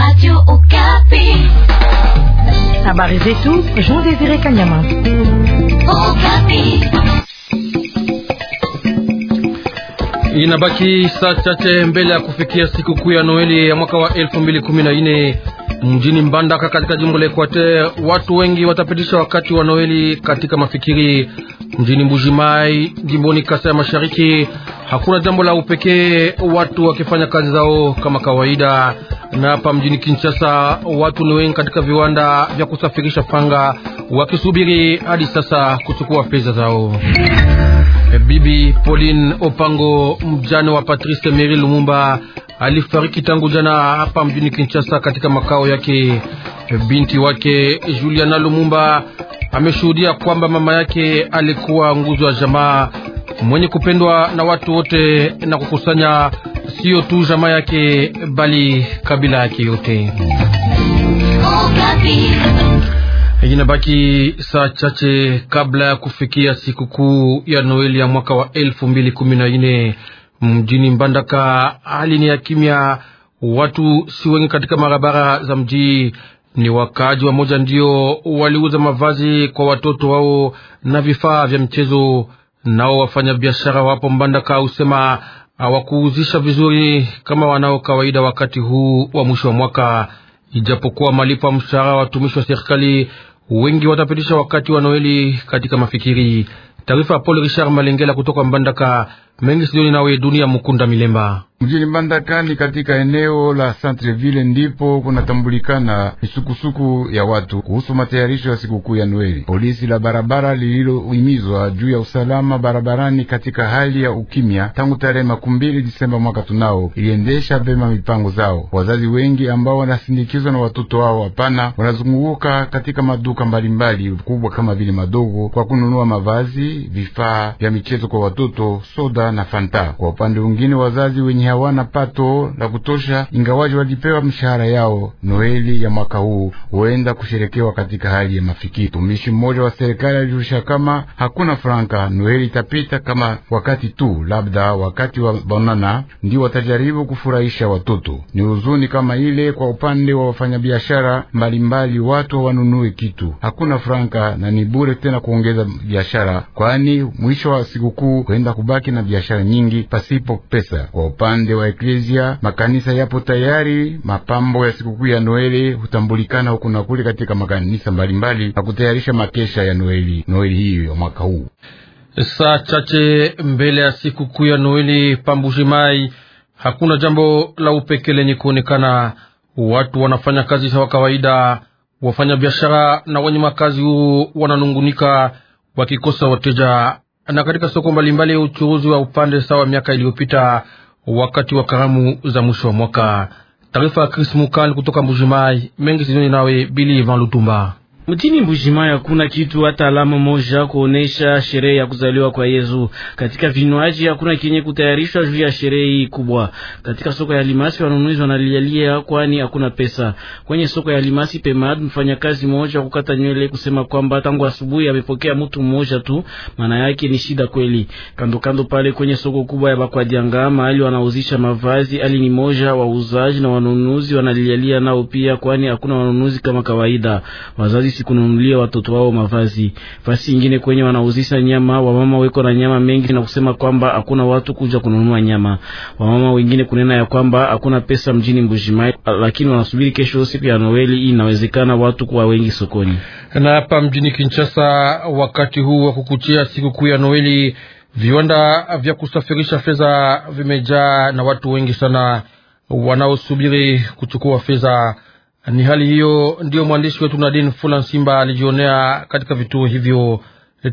Radio Okapi. Habari zetu Jean Desire Kanyama. Okapi. Inabaki saa chache mbele ya kufikia sikukuu ya Noeli ya mwaka wa 2014 mjini Mbandaka katika jimbo la Equateur. Watu wengi watapitisha wakati wa Noeli katika mafikiri. Mjini Mbujimai jimboni Kasai ya Mashariki hakuna jambo la upekee, watu wakifanya kazi zao kama kawaida na hapa mjini Kinshasa watu ni wengi katika viwanda vya kusafirisha panga wakisubiri hadi sasa kuchukua pesa zao. Eh, Bibi Pauline Opango, mjane wa Patrice Emery Lumumba, alifariki tangu jana hapa mjini Kinshasa katika makao yake. Eh, binti wake Juliana Lumumba ameshuhudia kwamba mama yake alikuwa nguzo ya jamaa mwenye kupendwa na watu wote na kukusanya sio tu jamaa yake bali kabila yake yote. Inabaki saa chache kabla ya kufikia sikukuu ya Noeli ya mwaka wa elfu mbili kumi na nne mjini Mbandaka, hali ni ya kimya, watu si wengi katika barabara za mji. Ni wakaaji wa moja ndio waliuza mavazi kwa watoto wao na vifaa vya mchezo. Nao wafanyabiashara wapo Mbandaka usema hawakuuzisha vizuri kama wanao kawaida wakati huu wa mwisho wa mwaka. Ijapokuwa malipo ya mshahara wa watumishi wa serikali, wengi watapitisha wakati wa Noeli katika mafikiri. Taarifa ya Paul Richard Malengela kutoka Mbandaka. Mengi Sidoni nawe Dunia Mukunda Milemba. Mjini Mbandakani katika eneo la Centreville ndipo kunatambulikana misukusuku ya watu kuhusu matayarisho ya sikukuu ya Noeli. Polisi la barabara lililohimizwa juu ya usalama barabarani katika hali ya ukimya tangu tarehe makumi mbili Disemba mwaka tunao iliendesha vema mipango zao. Wazazi wengi ambao wanasindikizwa na watoto wao hapana wanazunguka katika maduka mbalimbali kubwa kama vile madogo kwa kununua mavazi, vifaa vya michezo kwa watoto, soda na fanta. Kwa upande mwingine wazazi wenye hawana pato la kutosha, ingawaji walipewa mshahara yao. Noeli ya mwaka huu huenda kusherekewa katika hali ya mafikiri. Mtumishi mmoja wa serikali alijulisha kama hakuna franka, Noeli itapita kama wakati tu, labda wakati wa banana ndio watajaribu kufurahisha watoto. Ni huzuni kama ile kwa upande wa wafanyabiashara mbalimbali, watu hawanunue kitu, hakuna franka na ni bure tena kuongeza biashara, kwani mwisho wa sikukuu huenda kubaki na biashara nyingi pasipo pesa kwa upande upande wa eklezia makanisa yapo tayari. Mapambo ya sikukuu ya Noeli hutambulikana huku na kule katika makanisa mbalimbali na kutayarisha makesha ya Noeli, Noeli hiyo ya mwaka huu. Saa chache mbele ya sikukuu ya Noeli Pambujimai, hakuna jambo la upekee lenye kuonekana. Watu wanafanya kazi sawa kawaida, wafanya biashara na wenye makazi huu wananungunika wakikosa wateja, na katika soko mbalimbali ya uchuuzi wa upande sawa miaka iliyopita wakati wa karamu za mwisho wa mwaka. Taarifa ya Chris Mukal kutoka Mbujimai mengi sinoni nawe Bili Van Lutumba. Mjini Mbujimaya kuna kitu hata alama moja kuonesha sherehe ya kuzaliwa kwa Yesu. Katika vinywaji hakuna kenye kutayarishwa juu ya sherehe hii kubwa. Katika soko ya Limasi wanunuzi wanalialia, kwani hakuna pesa kwenye soko ya Limasi. Pemad, mfanyakazi mmoja kukata nywele, kusema kwamba tangu asubuhi amepokea mtu mmoja tu, maana yake ni shida kweli. Kando kando pale kwenye soko kubwa ya Bakwadianga, mahali wanauzisha mavazi, ali ni moja wauzaji na wanunuzi wanalialia nao pia, kwani hakuna wanunuzi kama kawaida. Wazazi gisi kununulia watoto wao mavazi. Fasi ingine kwenye wanauzisha nyama, wamama weko na nyama mengi na kusema kwamba hakuna watu kuja kununua nyama. Wamama wengine kunena ya kwamba hakuna pesa mjini Mbujimai, lakini wanasubiri kesho, siku ya Noeli, inawezekana watu kuwa wengi sokoni. Na hapa mjini Kinshasa, wakati huu wa kukuchia sikukuu ya Noeli, viwanda vya kusafirisha fedha vimejaa na watu wengi sana wanaosubiri kuchukua fedha. Ni hali hiyo ndiyo mwandishi wetu Nadine Fula Simba alijionea katika vituo hivyo.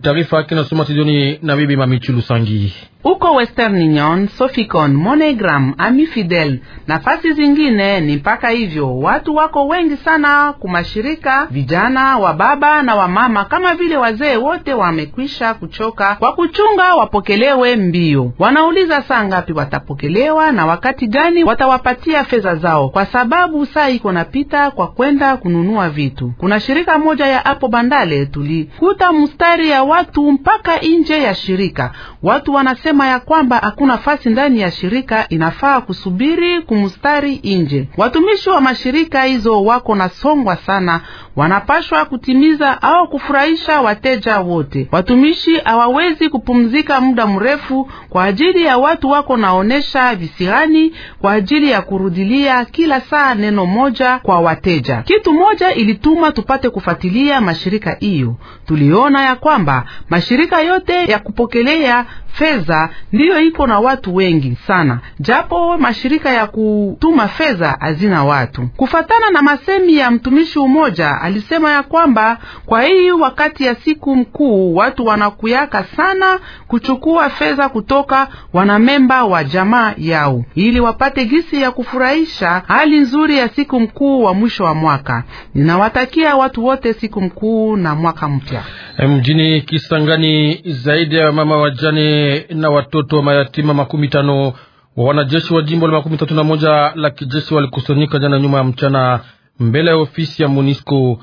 Taarifa yake inasoma Tidoni na bibi Mamichulu Sangi uko Western Union, Soficon, Monogram, Amifidel nafasi zingine ni mpaka hivyo. Watu wako wengi sana kumashirika, vijana wa baba na wamama kama vile wazee wote wamekwisha kuchoka kwa kuchunga wapokelewe mbio. Wanauliza saa ngapi watapokelewa na wakati gani watawapatia fedha zao, kwa sababu saa iko napita kwa kwenda kununua vitu. Kuna shirika moja ya hapo Bandale tulikuta mstari ya watu mpaka nje ya shirika, watu wanasema kusema ya kwamba hakuna fasi ndani ya shirika, inafaa kusubiri kumstari nje. Watumishi wa mashirika hizo wako na songwa sana, wanapashwa kutimiza au kufurahisha wateja wote. Watumishi hawawezi kupumzika muda mrefu kwa ajili ya watu wako naonesha visirani kwa ajili ya kurudilia kila saa neno moja kwa wateja. Kitu moja ilituma tupate kufuatilia mashirika hiyo, tuliona ya kwamba mashirika yote ya kupokelea fedha ndiyo iko na watu wengi sana, japo mashirika ya kutuma fedha hazina watu. Kufatana na masemi ya mtumishi umoja, alisema ya kwamba kwa hii wakati ya siku mkuu watu wanakuyaka sana kuchukua fedha kutoka wanamemba wa jamaa yao ili wapate gisi ya kufurahisha hali nzuri ya siku mkuu wa mwisho wa mwaka. Ninawatakia watu wote siku mkuu na mwaka mpya. Mjini Kisangani, zaidi ya mama wajane na watoto mayatima makumi tano wa wanajeshi wa jimbo la makumi tatu na moja la kijeshi walikusanyika jana nyuma ya mchana mbele ya ofisi ya MONUSCO.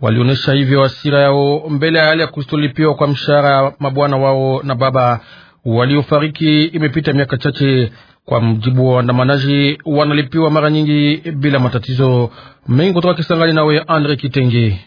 Walionyesha hivyo hasira yao mbele ya hali ya kustolipiwa kwa mshahara mabwana wao na baba waliofariki imepita miaka chache. Kwa mjibu wa waandamanaji, wanalipiwa mara nyingi bila matatizo mengi. Kutoka Kisangani nawe Andre Kitenge.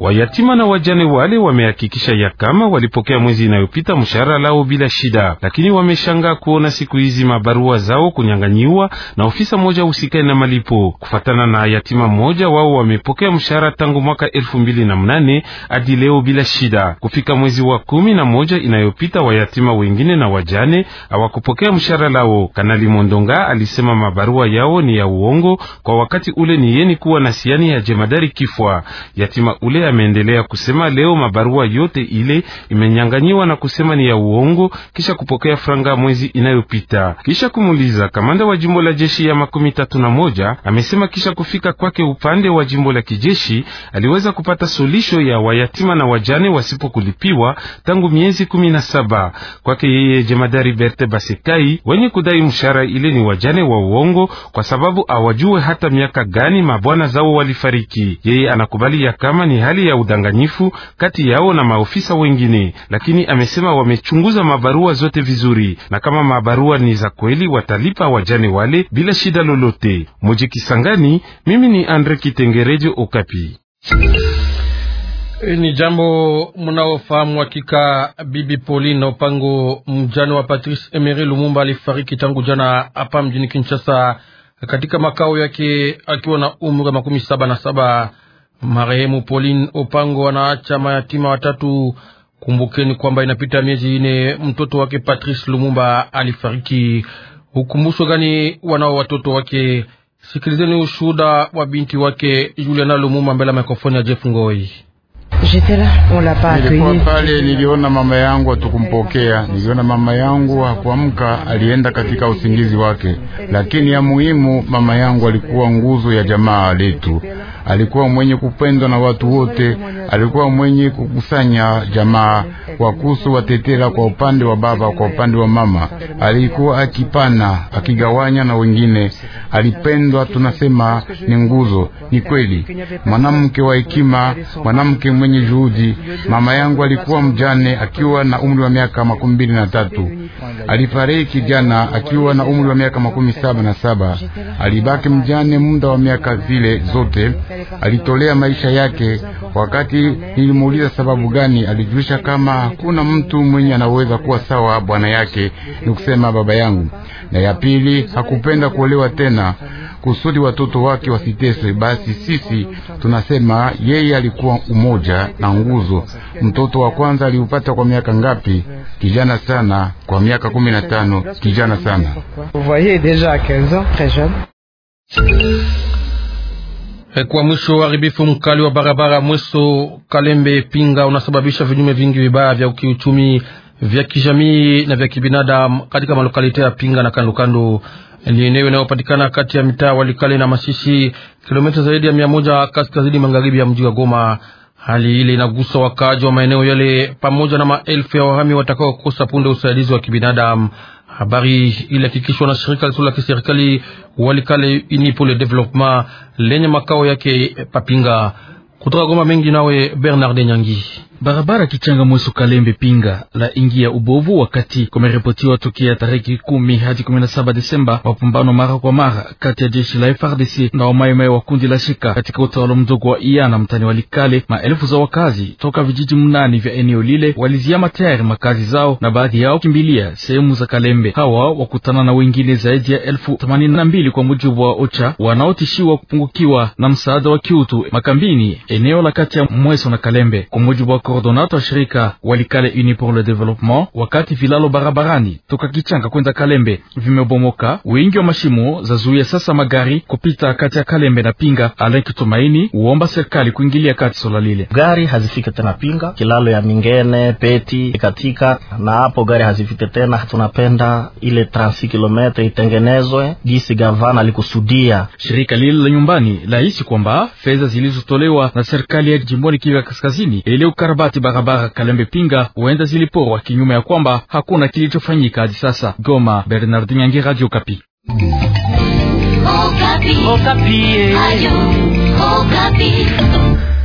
Wayatima na wajane wale wamehakikisha ya kama walipokea mwezi inayopita mshahara lao bila shida, lakini wameshangaa kuona siku hizi mabarua zao kunyanganyiwa na ofisa moja usikae na malipo. Kufatana na yatima moja wao, wamepokea mshahara tangu mwaka elfu mbili na mnane hadi leo bila shida. Kufika mwezi wa kumi na moja inayopita, wayatima wengine na wajane hawakupokea mshahara lao. Kanali Mondonga alisema mabarua yao ni ya uongo, kwa wakati ule ni yeni kuwa na siani ya jemadari kifwa yatima ule ameendelea kusema leo mabarua yote ile imenyanganyiwa na kusema ni ya uongo, kisha kupokea franga mwezi inayopita. Kisha kumuliza kamanda wa jimbo la jeshi ya makumi tatu na moja amesema kisha kufika kwake upande wa jimbo la kijeshi aliweza kupata solisho ya wayatima na wajane wasipokulipiwa tangu miezi kumi na saba kwake yeye jemadari Berte Basekai, wenye kudai mshahara ile ni wajane wa uongo, kwa sababu awajue hata miaka gani mabwana zao walifariki. Yeye anakubali ya kama ni hali hali ya udanganyifu kati yao na maofisa wengine, lakini amesema wamechunguza mabarua zote vizuri, na kama mabarua ni za kweli watalipa wajane wale bila shida lolote. Moji Kisangani, mimi ni Andre Kitengerejo, Okapi. Ni jambo mnaofahamu hakika. Bibi Pauline Opango, mjane wa Patrice Emery Lumumba, alifariki tangu jana hapa mjini Kinshasa katika makao yake akiwa na umri wa makumi saba na saba. Marehemu Pauline Opango anaacha mayatima watatu. Kumbukeni kwamba inapita miezi ine mtoto wake Patrice Lumumba alifariki. Ukumbusho gani wanao watoto wake? Sikilizeni ushuhuda wa binti wake Juliana Lumumba mbele ya mikrofoni ya Jeff Ngoi. Nilikuwa pale, niliona mama yangu hatukumpokea. Niliona mama yangu hakuamka, alienda katika usingizi wake, lakini ya muhimu, mama yangu alikuwa nguzo ya jamaa letu alikuwa mwenye kupendwa na watu wote, alikuwa mwenye kukusanya jamaa wakusu watetela, kwa upande wa baba, kwa upande wa mama, alikuwa akipana, akigawanya na wengine. Alipendwa, tunasema ni nguzo, ni kweli, mwanamke wa hekima, mwanamke mwenye juhudi. Mama yangu alikuwa mjane akiwa na umri wa miaka makumi mbili na tatu alifariki jana akiwa na umri wa miaka makumi saba na saba. Alibaki mjane muda wa miaka zile zote, alitolea maisha yake. Wakati nilimuuliza sababu gani, alijulisha kama hakuna mtu mwenye anaweza kuwa sawa bwana yake, ni kusema baba yangu. Na ya pili, hakupenda kuolewa tena kusudi watoto wake wasiteswe. Basi sisi tunasema yeye alikuwa umoja na nguzo. Mtoto wa kwanza aliupata kwa miaka ngapi? Kijana sana, kwa miaka kumi na tano. Kijana sana. Eh, kwa mwisho, uharibifu mkali wa barabara Mweso Kalembe Pinga unasababisha vinyume vingi vibaya vya kiuchumi vya kijamii na vya kibinadamu katika malokalite ya Pinga na Kandokando. Ni eneo inayopatikana kati ya mitaa Walikale na Masisi, kilomita zaidi ya mia moja kaskazini magharibi ya mji wa Goma. Hali ile inagusa wakaaji wa maeneo yale pamoja na maelfu ya wahami watakaokosa punde usaidizi wa kibinadamu. Habari ilihakikishwa na shirika lisilo la kiserikali Walikale Unipo le Development lenye makao yake Papinga. Kutoka Goma mengi nawe Bernard Nyangi. Barabara Kichanga Mweso Kalembe Pinga la ingi ya ubovu wakati kumeripotiwa tokea tariki kumi hadi kumi na saba Desemba mapambano mara kwa mara kati ya jeshi la FRDC na wamaimai wa kundi la Shika katika utawala mdogo wa Iyana mtani Walikale. Maelfu za wakazi toka vijiji mnani vya eneo lile waliziama tayari makazi zao na baadhi yao kimbilia sehemu za Kalembe. Hawa wakutana na wengine zaidi ya elfu themanini na mbili kwa mujibu wa OCHA wanaotishiwa kupungukiwa na msaada wa kiutu makambini eneo la kati ya Mweso na Kalembe kwa mujibu wa coordonnateur shirika Walikale Uni pour le Development, wakati vilalo barabarani toka Kichanga kwenda Kalembe vimebomoka, wingi wa mashimo za zuia sasa magari kupita kati ya Kalembe na Pinga. Tumaini uomba serikali kuingilia kati swala lile, gari hazifike tena Pinga, kilalo ya Mingene Peti katika na hapo gari hazifike tena. Tunapenda ile transi kilomita itengenezwe gisi gavana alikusudia. Shirika lile la nyumbani lahisi kwamba fedha zilizotolewa na serikali ya jimboni Kivu ya Kaskazini ili ukarabati barabara Kalembe Pinga huenda ziliporwa, kinyume ya kwamba hakuna kilichofanyika hadi sasa. Goma, Bernard Nyangi, Radio Kapi. Okapi. Okapi. Okapi. Eh.